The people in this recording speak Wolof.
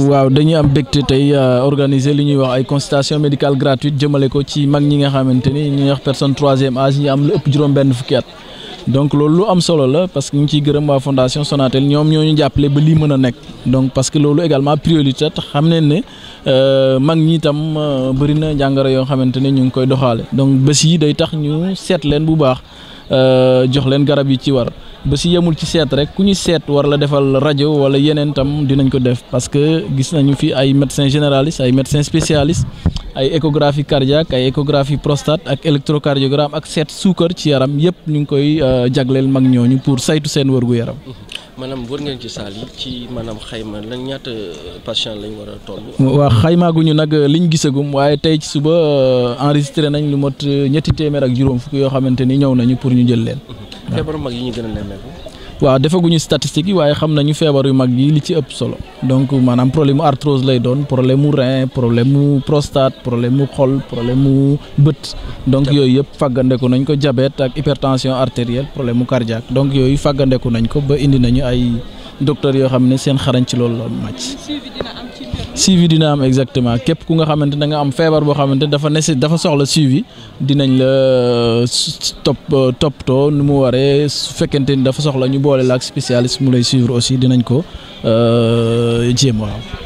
waaw dañuy am bégte tey euh, organiser li ñuy wax ay consultation médicale gratuite jëmale ko ci mag ñi nga xamante ni ñuy wax personne troisième âge ñi am lu ëpp juróom-benn fukki at donc loolu lu am solo la parce que ñu ngi gërëm waa fondation ñoom ñoo ñu jàppale ba lii mën a nekk donc parce que loolu également priorité xam ne ne euh, mag ñi itam euh, bëri na jàngoro yoo xamante ne ñu ngi koy doxaale donc bés yi day tax ñu seet leen bu baax jox leen garab yi ci war. ba si yemul ci seet rek ku ñu seet war la defal rajo wala yeneen tam dinañ ko def parce que gis nañu fi ay médecins généralistes ay médecins spécialistes ay échographie cardiaque ay échographie prostate ak électrocardiogramme ak seet suukar ci yaram yëpp ñu ngi koy euh, jagleel mag ñooñu pour saytu seen wërgu yaram. Mhm. maanaam wër ngeen ci saal yi ci maanaam xayma lan ñaata euh, patient lañ war a toll. waaw xaymaaguñu nag euh, liñ gisagum waaye tey ci suba enregistré nañ lu mot ñetti téeméer ak juróom fukk yoo xamante ni ñëw nañu pour ñu jël leen. Mhm. feebaru mag yi ñu gën a nemmeeku. waaw defaguñu statistiques yi waaye xam nañu feebar yu mag yi li ci ëpp solo donc maanaam problème mu lay doon problème mu rein problème mu prostate problème mu xol problème mu bët. donc yooyu yëpp fàggandeku nañ ko diabète ak hypertension artériel problème mu cardiaque donc yooyu fàggandeku nañ ko ba indi nañu ay docteurs yoo xam ne seen xarañ ci loolu la màcc. suivi dina am exactement képp ku nga xamante da nga am feebar boo xamante dafa nesi dafa soxla suivi dinañ la euh, topp euh, toppatoo nu mu waree su fekkente ni dafa soxla ñu boole la ak spécialiste mu lay suivre aussi dinañ ko euh, jéem waaw